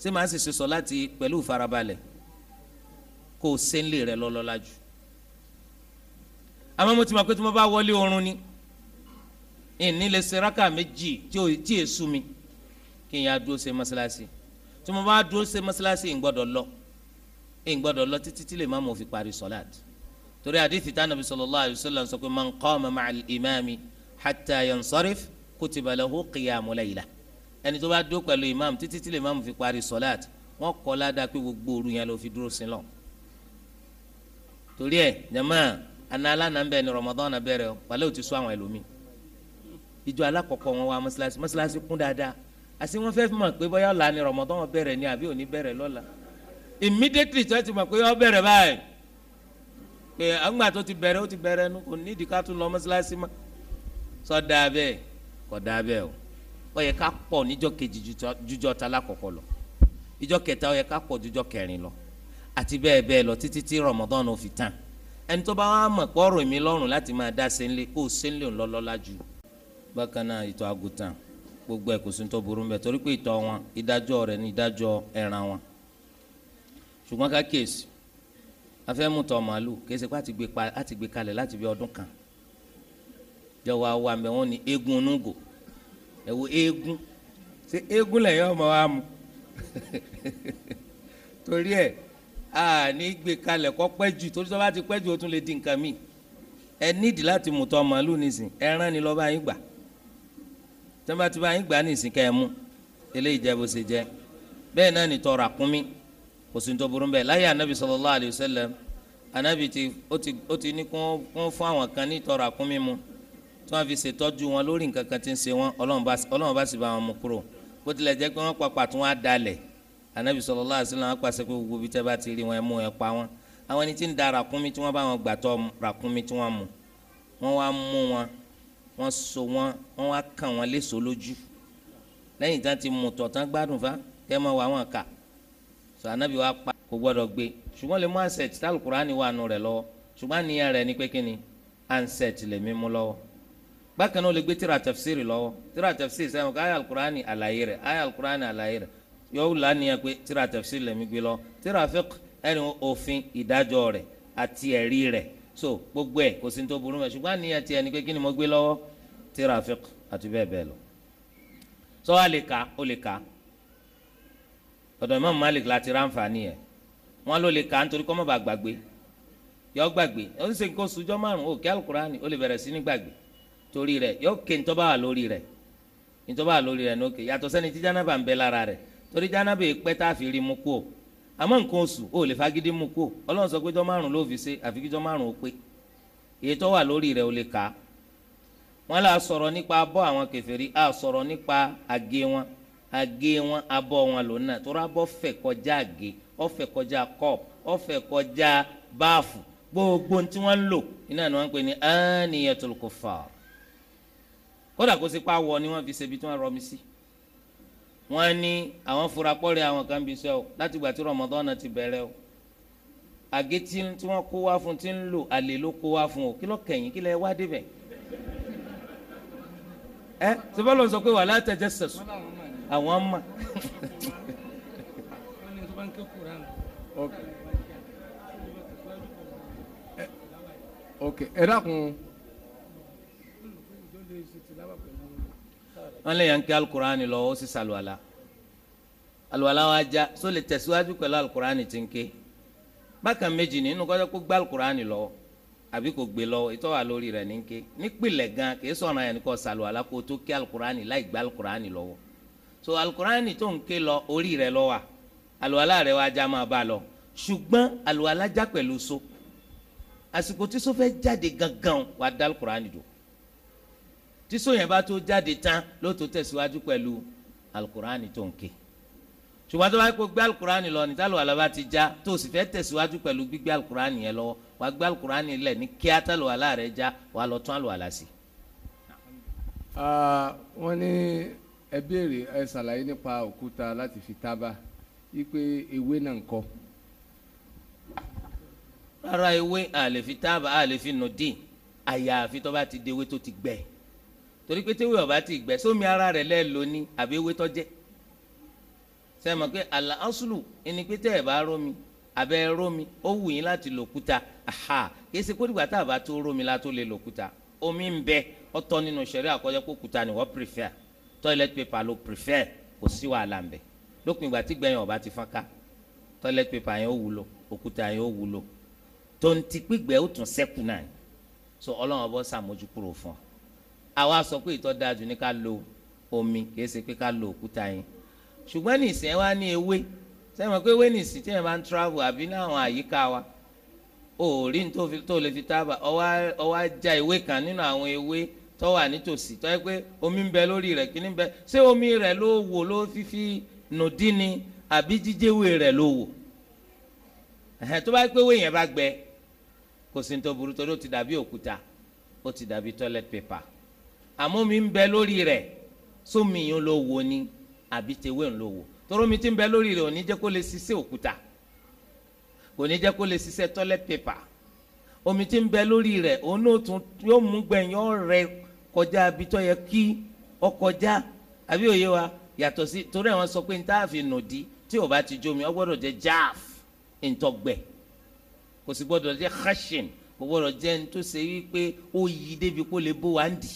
ṣé màá sì sọ láti pẹ̀lú ìfarabalẹ̀ kó o ṣe ń lè rẹ lọ́lọ́lá jù àmọ́ mo ti mọ̀ pé tí mo bá wọlé oorun ni ìní lè ṣe rákà méjì tí ì sú mi kí n yà dúró ṣe mọ́ṣáláṣí tí mo bá dúró ṣe mọ́ṣáláṣí ń lọ ń lọ títí tí lè má mo fi parí sọ́láàtì torí àdìsí tá nàbí sallallahu alaihi wasallam sọ pé man qama ma'al imami hatta yansarif kutiba lahu qiyamu layla ẹni tó bá dó pẹ̀lú imam títí tí lè imam fi parí sọ́láàt wọ́n kọ́ ládàá pé gbogbo òru yẹn ló fi dúró sí lọ. torí ẹ jama ana alana ń bẹ ni Ramadan na bẹ̀rẹ̀ wàlẹ́ ò ti sọ àwọn ẹlòmíì ìjọ alákọ̀ọ́kọ́ wọn wá mọ́sálásí mọ́sálásí kún dáadáa àti wọ́n fẹ́ẹ́ fi mọ̀ pé bọ́yá ọ̀la ni Ramadan bẹ̀rẹ̀ ni àbí òní bẹ̀rẹ̀ lọ́la immediately tó ti mọ̀ pé ó bẹ̀rẹ̀ báyìí pé eh, àgbà tó ti bẹ̀rẹ̀ ó ti bẹ̀rẹ̀ nu kò nídìí ká tún lọ mọ́ṣáláṣí mọ́ bẹ́ẹ̀ bẹ́ẹ̀ o ó yẹ ká pọ̀ níjọ́ kejì jújọ́ ta lákọ̀ọ́kọ́ lọ ìjọ́ kẹta ó yẹ ká pọ̀ jújọ́ kẹrin lọ àti bẹ́ẹ̀ bẹ́ẹ̀ lọ títí tí Ramadan fi tán ẹni tó bá wà mọ̀ ọ̀rọ̀ mi lọ́rùn láti sẹ́ńlé gbogbo burú torí pé wọn ìdájọ́ rẹ̀ ní afẹ́mu tọ̀ màálù kése kó àti gbé kalẹ̀ láti bí ọdún kan jọ̀wọ́ àwọn àmì wọn ni eégún onúgò ẹ wo eégún ṣé eégún lẹ́yìn ọmọ wa mu torí ẹ̀ a ní gbé kalẹ̀ kọ́ pẹ́ torí tó ti pẹ́ jù tún lè di nǹkan mi ẹ nídìí láti mú tọ̀ màálù nísìn ẹran ni lọ́ba yín gbà tẹ́ńbà tí bá yín gbà nísìn kẹ́ ẹ mú eléyìí jẹ́ bó ṣe jẹ́ bẹ́ẹ̀ náà ni tọ̀ ràkúnmí kò sí tó burú bẹ́ẹ̀ láyé anabi sallallahu alayhi wa sallam anabi ti ó ti ó ti ní kún fún àwọn kan ní ìtọrọ àkúnmí mu tí wọ́n fi ṣètọ́jú wọn lórí nǹkan kan tí ń ṣe wọn ọlọ́run bá sì bá wọn mú kúrò bó tilẹ̀ jẹ́ pé wọ́n papà tún wá dalẹ̀ anabi sallallahu alayhi wa sallam wọ́n pàṣẹ pé gbogbo bí tẹ́ bá ti rí wọn ẹ mú ẹ pa wọn àwọn ẹni tí ń da ràkúnmí tí wọ́n bá wọn gbàtọ́ ràkúnmí tí wọ́n mú wọ́n wá mú wọn wọ́n so wọn wọ́n wá kàn wọn léṣo lójú lẹ́yìn tí sọ anabi wa pa kò gbọdọ̀ gbé ṣùgbọ́n lè mú ansẹt tí alukurani wà nù rẹ̀ lọ́wọ́ ṣùgbọ́n àníyàn rẹ̀ ní pé kíni ansẹt lè mí mú lọ́wọ́ bákan náà ó lè gbé tíra tafsiri lọ́wọ́ tíra tafsiri sẹ́wọ̀n ká ayé alukurani àlàyé rẹ̀ ayé alukurani àlàyé rẹ̀ yóò wù lánìyàn pé tíra tafsiri lè mí gbé lọ tíra fiqh ẹni òfin ìdájọ́ rẹ̀ àti ẹ̀rí rẹ̀ so gbogbo ẹ̀ kò sí ní tó burú mẹ́ ṣùgbọ́n àníyàn tiẹ̀ ni pé kíni mo gbé lọ́wọ́ tíra fiqh àti bẹ́ẹ̀ bẹ́ẹ̀ lọ sọ wa lè ka ó lè ka ọ̀dọ̀ Imam Malik láti ráǹfààní yẹn wọn ló lè kà á nítorí kọ́ mọ́ bá gbàgbé yọ gbàgbé ó ń ṣe nǹkan sùjọ́ márùn-ún òkè alukurani ó lè bẹ̀rẹ̀ sí ní gbàgbé torí rẹ̀ yọ ké ntọ́ bá wà lórí rẹ̀ ntọ́ bá wà lórí rẹ̀ n'ókè yàtọ̀ sẹ́ni tí jánábà ń bẹ lára rẹ̀ torí jánábà pẹ́ tá a fi rí mu kú o àmọ́ nǹkan oṣù ó lè fagídí mu kú o ọlọ́run sọ pé jọ́ márùn-ún ló fi ṣe àfi jọ́ márùn-ún ó pé èyí tó wà lórí rẹ̀ ó lè kà á wọ́n là sọ̀rọ̀ nípa abọ́ àwọn kèfèrí à sọ̀rọ̀ nípa àgé wọn àgé wọn abọ́ wọn lòun náà tó rábọ́ fẹ̀ kọjá àgé ọ̀fẹ́ kọjá cup ọ̀fẹ́ kọjá báàfù gbogbo tí wọ́n ń lò iná ni wọ́n ń pè ní aniyatul kufar kódà kó sí pàwọ ni wọ́n fi ṣebi tí wọ́n rọ mi sí wọ́n ní àwọn fura pọ́ọ̀rẹ́ àwọn kan bí sẹ́wọ̀ láti gbà tí rọmọdọ́nà ti bẹ̀rẹ̀ o àgé tí wọ́n kó wá fún tí ń lò àlè ló kó wá fún o kí ló kẹ̀yìn kí lẹ wá débẹ̀ ẹ sọfọlọ sọ pé wàhálà tẹjẹ sẹsùn àwọn mọ̀. ok ẹ dákun. wọ́n lè yàn kí alukur'an lọ ó sì sàlùwàlà aluwala wa já so lè tẹ̀síwájú pẹ̀lú alukur'an ti ń ké bákan méjì nínú kọ́jọ́ kó gbá alukur'an lọ àbí kò gbé lọ ìtọ́ wa lórí rẹ̀ ní ké nípìnlẹ̀ gan kì í sọ̀rọ̀ yẹn kó sàlùwàlà kó tó kí alukur'an láì gbá alukur'an lọ́wọ́ so alukurani tó ń ké lọ orí rẹ lọ wa àlùwàlá rẹ wa já máa bá lọ ṣùgbọ́n àlùwàlá já pẹ̀lú so àsìkò tí so fẹ́ jáde gangan wàá dá alukurani dùn tí so yẹn bá tó jáde tán ló tó tẹ̀síwájú pẹ̀lú alukurani tó ń ké ṣùgbọ́n tó bá kó gbé alukurani lọ níta lọ́wọ́ alábá ti já tó o sì fẹ́ tẹ̀síwájú pẹ̀lú gbígbé alukurani yẹn lọ́wọ́ wàá gbé alukurani lẹ̀ ní kíá tá lọ́wọ́ alá já wàá lọ tún àlùwàlá sí. wọ́n ní ẹ béèrè ẹ ṣàlàyé nípa òkúta láti fi tábà wípé ewé náà ń kọ́. rárá ewé a lè fi tábà a lè fi nù dín àyàfi tó bá ti di ewé tó ti gbẹ torí pé téwé ọba ti gbẹ sómi ara rẹ lẹ lóní àbí ewé tó jẹ sẹ́mi pé àlà ọ́sùlù ẹni pé tẹ́ ẹ̀ bá rómi abẹ́ rómi ó wù yín láti lòkúta aha kìí ṣe kódìgbà tá a bá tó rómi la tó lè lòkúta omi ń bẹ ọ̀tọ̀ nínú sẹ̀rí àkọ́jọ́ kúta ni wọ́n pèfẹ́ toilet paper ló prefer kò sí wàhálà ń bẹ lópin ìgbà tí gbẹ̀yìn ọ̀bá ti fọ́n toilet paper yẹn ó wúlò òkúta yẹn ó wúlò tonti gbígbẹ́ ó tún sẹ́kù náà so ọlọ́run ọbọ̀ sàmójúkúrò fún ọ àwa sọ pé ìtọ́ dáa jù ní ká lo omi kìí ṣe pé ká lo òkúta yẹn ṣùgbọ́n nìsín wa ní ewé sẹ́wọ̀n pé ewé nìsín tí yẹn bá ń travel àbí náwọn àyíká wa ò rí ní tó lè fi tábà ọwá já ewé kan nínú àwọn ewé tó wà nítòsí tó yẹ pé omi ń bẹ lórí rẹ̀ kíní ń bẹ ṣé omi rẹ̀ ló wò ló fífi nùdí ni àbí jíjẹ́wé rẹ̀ ló wò tó bá pé owó bá gbẹ kò sí ní burú torí ó ti dàbí òkúta ó ti dàbí toilet paper àmọ́ omi ń bẹ lórí rẹ̀ sómi yìí ló wò ni àbí tewé ń ló wò torí omi ti ń bẹ lórí rẹ̀ ò ní jẹ́ kó lè ṣiṣẹ́ òkúta kò ní jẹ́ kó lè ṣiṣẹ́ toilet paper omi ti ń bẹ lórí rẹ̀ òun náà tún yóò mú gbẹ̀yìn ọ̀rẹ́ kọjá abitọ́ yẹ kí ọkọjá àbí òye wa yàtọ̀ sí torí àwọn sọ pé n táà fi nù di tí o bá ti jómi ọ gbọ́dọ̀ jẹ jaaf ntọgbẹ kò sì gbọ́dọ̀ jẹ khashin kò gbọ́dọ̀ jẹ ntòsí wípé ó yí débi kó lè bó wa ń di.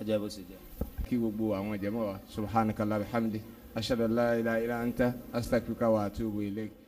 ajá bó ṣe jẹ. kí gbogbo àwọn jẹmọ wa subhanakallahumma bihamdi ashhadu an la ilaha illa anta astaghfiruka wa atubu ilayk.